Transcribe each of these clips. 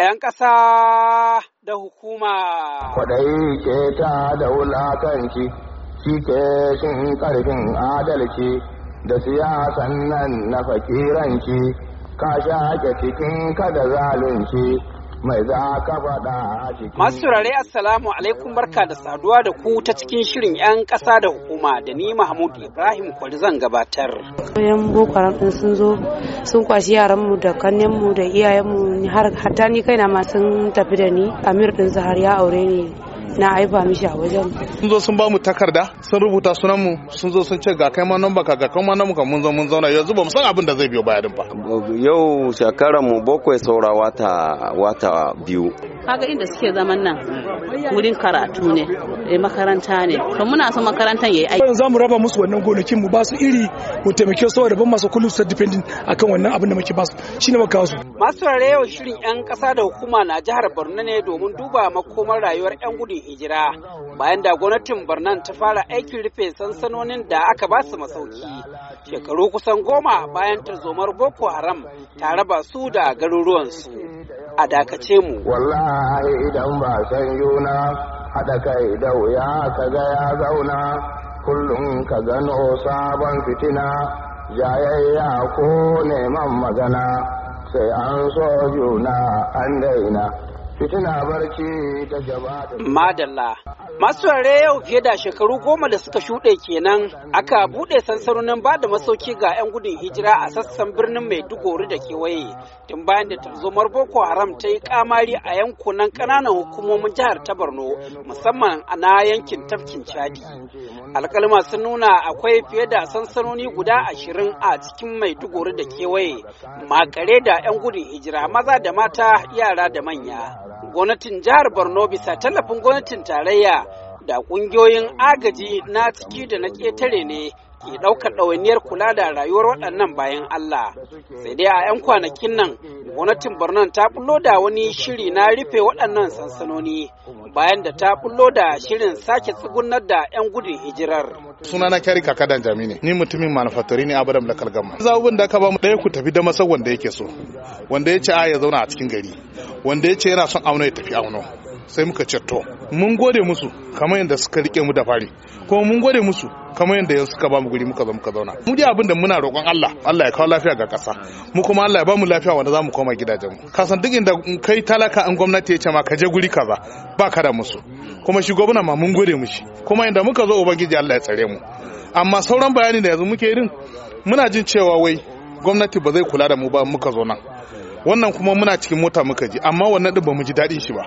‘yan ƙasa da hukuma. Kwaɗayi ke ta da wulakanci, shi ke cin ƙarfin adalci da siyasan nan na fakiranci, ka shaƙe cikin kada zalunci. mai za ka faɗa Masu turare Assalamu alaikum barka da saduwa da ku ta cikin shirin 'yan ƙasa da hukuma da ni Mahmud Ibrahim Kwari zan gabatar. Yan Boko Haram sun zo sun kwashi yaranmu da kannenmu da iyayenmu har hatta ni kaina ma sun tafi da ni Amir ɗin zahar ya aure ni na haifa mishi a wajen sun zo sun ba mu takarda sun rubuta sunan mu sun zo sun ce ga kai ma nan baka ga kai ma nan muka mun zo mun zauna yanzu ba mu san abin da zai biyo bayan ba yau shekaran mu bakwai saurawa ta wata biyu kaga inda suke zaman nan wurin karatu ne eh, makaranta ne to muna so makarantar yayi aiki za mu raba musu wannan gonakin mu ba su iri mu taimake su da ban masu kullum su dependent akan wannan abin da muke ba su shine muka su masu rare yau shirin yan kasa da hukuma na jihar Borno ne domin duba makomar rayuwar yan gudun hijira bayan da gwamnatin Borno ta fara aikin rufe sansanonin da aka ba su masauki shekaru kusan goma bayan tarzomar Boko Haram ta raba su da garuruwansu. a dakace mu wallahi idan ba san yuna haɗa kai da wuya ka ga ya zauna kullum ka gano sabon fitina jayayya ko neman magana sai an so juna an daina madalla masu rare yau fiye da shekaru goma da suka shuɗe kenan aka buɗe sansanonin ba da masauki ga 'yan gudun hijira a sassan birnin maiduguri da kewaye tun bayan da tarzomar boko haram ta yi kamari a yankunan ƙananan hukumomin jihar ta borno musamman a na yankin tafkin chadi Alƙalma sun nuna akwai fiye da sansanoni guda ashirin a cikin maiduguri da kewaye makare da 'yan gudun hijira maza da mata yara da manya gwamnatin jihar borno bisa tallafin gwamnatin tarayya da kungiyoyin agaji na ciki da na ƙetare ne ke ɗaukar ɗawainiyar kula da rayuwar waɗannan bayan Allah. Sai dai a 'yan kwanakin nan gwamnatin birnin ta bullo da wani shiri na rufe waɗannan sansanoni bayan da ta bullo da shirin sake tsugunar da 'yan gudun hijirar. suna na kyari kaka dan jami ni mutumin manufaturi ne abu da mulkar gama zaɓin da aka ba mu ɗaya ku tafi da masau wanda yake so wanda ya ce a ya zauna a cikin gari wanda ya ce yana son auno ya tafi auno sai muka ceto mun gode musu kamar yadda suka rike mu da fari kuma mun gode musu kamar yadda yanzu suka ba mu guri muka zo muka zauna mu ji abin da muna roƙon Allah Allah ya kawo lafiya ga ƙasa mu kuma Allah ya ba mu lafiya wanda za mu koma gidajen mu ka san duk inda kai talaka an gwamnati ya ce ma ka je guri kaza ba ka da musu kuma shi gwamna ma mun gode mushi kuma inda muka zo ubangiji Allah ya tsare mu amma sauran bayani da yanzu muke irin muna jin cewa wai gwamnati ba zai kula da mu ba muka zo nan wannan kuma muna cikin mota muka ji amma wannan din ba mu ji daɗin shi ba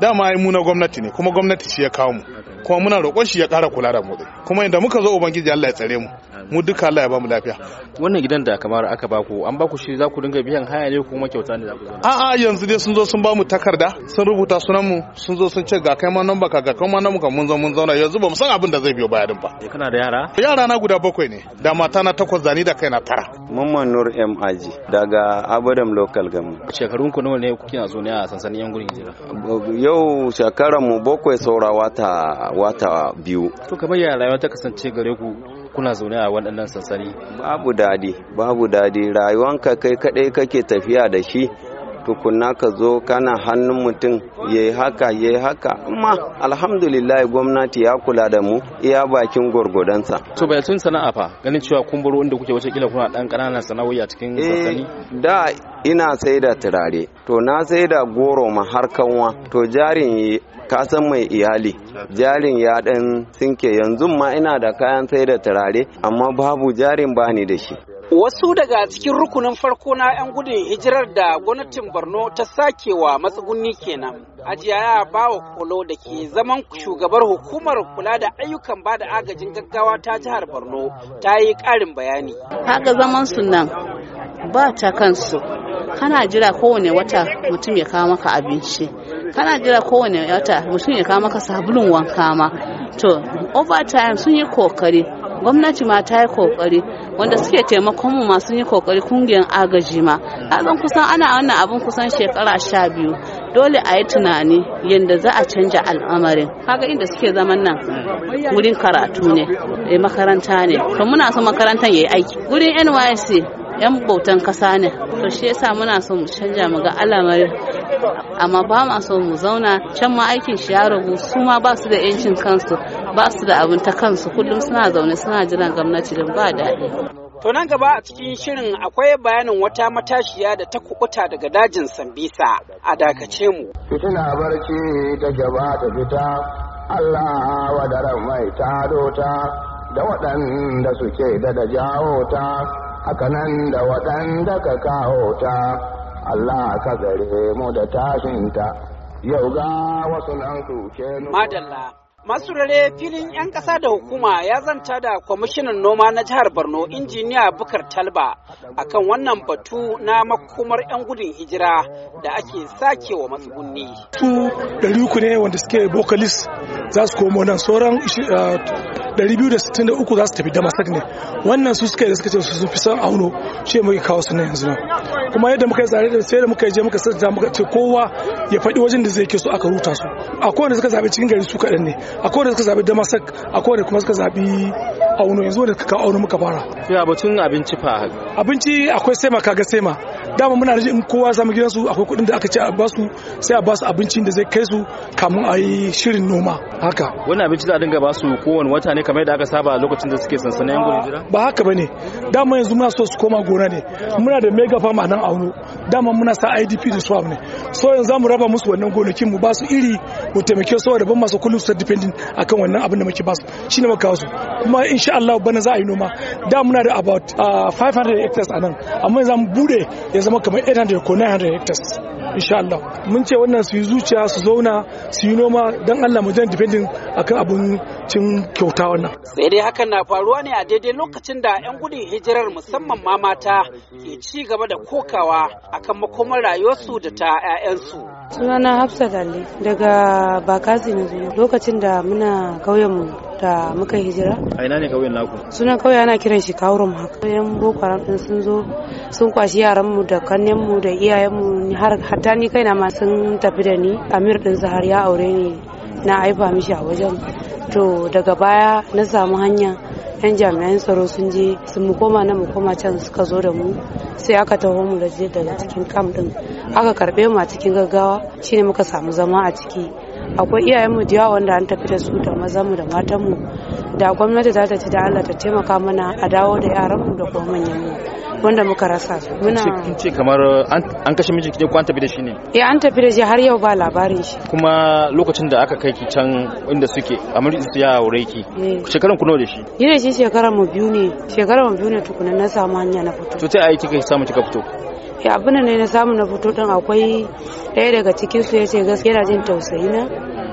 dama mu na gwamnati ne kuma gwamnati shi ya kawo mu kuma muna roƙon shi ya ƙara kula da mu kuma inda muka zo ubangiji Allah ya tsare mu mu duka Allah ya ba mu lafiya wannan gidan da kamar aka ba ku an ba ku shi za ku dinga biyan haya ne kuma kyauta ne za ku a a'a yanzu dai sun zo sun ba mu takarda sun rubuta sunan mu sun zo sun ce ga kai ma nan baka ga kai ma nan ka mun zo mun zauna yanzu ba mu san abin da zai biyo baya din ba eh, kana da yara yara na guda bakwai ne da mata na takwas zani da kai na tara mamman nur m aji daga abadam local government shekarun ku nawa ne kuke a zo ne a sansanin yan gurin hijira yau shekaran mu bakwai saurawa ta wata biyu to kamar ya rayuwa ta kasance gare ku kuna zaune a waɗannan sansani babu dadi babu dadi rayuwanka kai kaɗai kake tafiya da shi tukunna ka zo kana hannun mutum ya yi haka ya yi haka amma alhamdulillah gwamnati ya kula da mu iya bakin gwargwadonsa. to bai tun sana'a fa ganin cewa kun inda kuke wace kila kuna dan ƙananan sana'o'i a cikin eh, sassani. da ina sai da turare to na sai da goro ma har kanwa to jarin ka san mai iyali jarin ya dan sinke yanzu ma ina da kayan sai da turare amma babu jarin bani da shi Wasu daga cikin rukunin farko na 'yan gudun hijirar da gwamnatin Borno ta sakewa matsuguni kenan. Ajiya ya wa kolo da ke zaman shugabar hukumar kula da ayyukan ba da agajin gaggawa ta jihar Borno ta yi ƙarin bayani. Haga zaman su nan ba ta kansu. Kana jira kowane wata mutum ya kawo maka abinci. Kana jira kowane wata mutum ya kawo maka sabulun wanka ma. To, overtime sun yi kokari gwamnati ma ta yi kokari wanda suke taimakon mu masu yi kokari kungiyar agaji ma a zan kusan ana wannan abun kusan shekara sha biyu dole a yi tunani yadda za a canja al'amarin kaga inda suke zaman nan wurin karatu ne eh, makaranta ne to muna so makarantar ya yi aiki wurin nysc yan bautan kasa ne to shi yasa muna so mu canja mu ga al'amarin amma ba ma so mu zauna can ma aikin shi ya ragu su ma ba su da yancin kansu ba su da abin ta kansu kullum suna zaune suna jiran gwamnati don ba daɗi. To nan gaba a cikin shirin akwai bayanin wata matashiya da ta kukuta daga dajin Sambisa a dakace mu. Fitina barci ta gaba ta fita, Allah da mai ta dota, da waɗanda suke da da jawo ta, nan da waɗanda ka kawo ta. Allah ka gare mu da tashinta yau ga wasu nan Madalla. Masu rere filin 'yan ƙasa da hukuma ya zanta da kwamishinan noma na jihar Borno injiniya Bukar Talba akan wannan batu na makomar 'yan gudun hijira da ake sake wa matsugunni. Su ɗari ne wanda suke bokalis za su komo nan sauran uh, 263 za su tafi damasak ne wannan su suka yi da suka ce su sun fi son auno shi muke kawo su nan yanzu nan kuma yadda muka yi tsare da sai da muka je muka sassa muka ce kowa ya faɗi wajen da zai ke so aka ruta su akwai wanda suka zabi cikin gari su kaɗan ne akwai wanda suka zaɓi damasak akwai wanda kuma suka zabi auno yanzu wanda suka kawo auno muka fara. ya batun abinci fa abinci akwai sema kaga sema dama muna rajin in kowa samu su akwai kudin da aka ce a basu sai a basu abincin da zai kai su kamun a yi shirin noma haka wannan abinci za a dinga basu kowane wata ne kamar yadda aka saba lokacin da suke sansanin yan gudun jira ba haka bane dama yanzu muna so su koma gona ne muna da mega farm a nan auno dama muna sa IDP da swap ne so yanzu za mu raba musu wannan gonakin mu basu iri mu taimake su da ban masu kullum su dependent akan wannan abin da muke basu shine muka kawo su kuma insha Allah bana za a yi noma da muna da about 500 ah, hectares a nan amma yanzu mu bude zama kamar 800 ko 900 hectares insha Allah mun ce wannan su yi zuciya su zauna su yi noma don Allah mu jan depending akan abun cin kyauta wannan sai dai hakan na faruwa ne a daidai lokacin da yan gudun hijirar musamman ma mata ke ci gaba da kokawa akan makomar rayuwarsu da ta 'ya'yansu sunana hafsa dalle daga bakasi lokacin da muna kauyen mu da muka hijira a ina ne kauyen naku sunan kauye ana kiran shi kawurum haka yan boko din sun zo sun kwashi yaran mu da kannen mu da iyayen mu har hatta ni kaina ma sun tafi da ni amir din har ya aure ni na haifa mishi a wajen to daga baya na samu hanya yan jami'an tsaro sun je sun mu koma na mu koma can suka zo da mu sai aka taho mu da daga cikin kam din aka karbe mu a cikin gaggawa shine muka samu zama a ciki akwai iyayenmu da yawa wanda an tafi da su da mazanmu da matanmu da gwamnati za ta ci da Allah ta taimaka mana a dawo da yaranmu da kuma manyanmu wanda muka rasa su muna kin ce kamar an kashe miji ko an tafi da shi ne eh an tafi da shi har yau ba labarin shi kuma lokacin da aka kai ki can inda suke amir su ya aure ki eh. shekaran ku nawa da shi ni da shi shekaran mu biyu ne shekaran mu biyu ne tukuna na samu hanya na fito to sai ai kika samu kika fito ya abin ne na samu na fito don akwai ɗaya daga cikin su ya ce gaskiya na jin tausayi na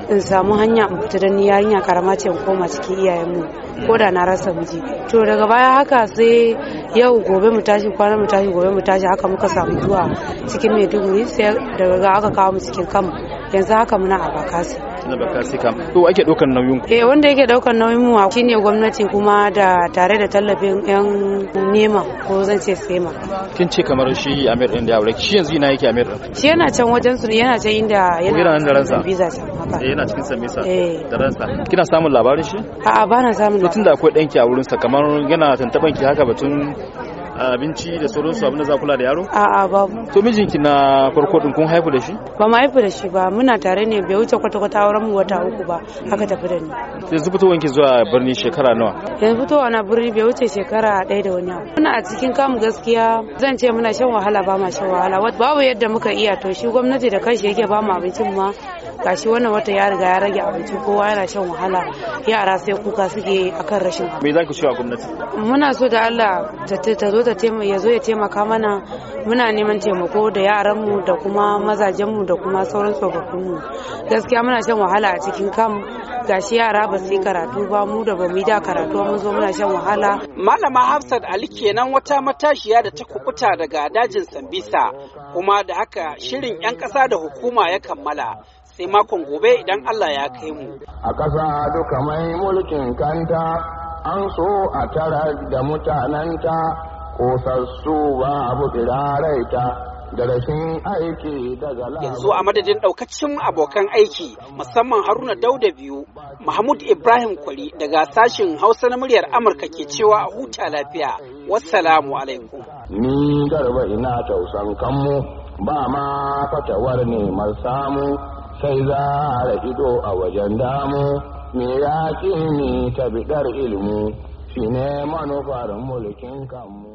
in samu hanya in fita don yarinya karama ce in koma cikin iyayenmu ko da na rasa miji to daga baya haka sai yau gobe mu tashi kwana mu tashi gobe mu tashi haka muka samu zuwa cikin maiduguri sai daga aka kawo mu cikin kanmu yanzu haka muna a bakasi na bakasi kam to ake daukar nauyin ku eh wanda yake daukar nauyin mu shine gwamnati kuma da tare da tallafin yan nema ko zan ce sema kin ce kamar shi Amir din da aure shi yanzu ina yake Amir din shi yana can wajen su yana can inda yana yana da ransa visa sa haka eh yana cikin samisa eh. da ransa kina samun labarin shi a'a ba na samun labarin tunda akwai danki a wurin sa kamar yana tantaban ki haka batun abinci da sauran su abinda za kula da yaro? A'a babu. To mijinki na farko din kun haifu da shi? Ba mu haifu da shi ba muna tare ne bai wuce kwata kwata auren mu wata uku ba haka tafi da ni. Yanzu fitowar ki zuwa birni shekara nawa? Yanzu fitowa na birni bai wuce shekara ɗaya da wani abu. Muna a cikin kamu gaskiya zan ce muna shan wahala ba ma shan wahala babu yadda muka iya to shi gwamnati da kanshi yake ba mu abincin ma gashi wannan wata ya riga ya rage abinci kowa yana shan wahala yara sai kuka suke akan rashin me za ku cewa gwamnati muna so da Allah ta zo ta taimaka ya zo ya taimaka mana muna neman taimako da yaranmu da kuma mazajenmu da kuma sauran mu gaskiya muna shan wahala a cikin kam gashi yara ba su karatu ba mu da ba mu da karatu mun zo muna shan wahala malama Hafsat Ali kenan wata matashiya da ta kubuta daga dajin Sambisa kuma da haka shirin 'yan ƙasa da hukuma ya kammala sai makon gobe idan Allah ya kai mu. A ƙasa duka mai mulkin kanta an so a tara da mutananta kosassu ba abu tsiraraita. da rashin aiki daga yanzu a madadin ɗaukacin abokan aiki musamman haruna dauda biyu mahmud ibrahim kwari daga sashen hausa na muryar amurka ke cewa a huta lafiya wassalamu alaikum ni garba ina tausan kanmu ba ma fatawar neman samu sai za a ido a wajen damu me ya ni ta bidar ilimi shi ne manufar mulkin kanmu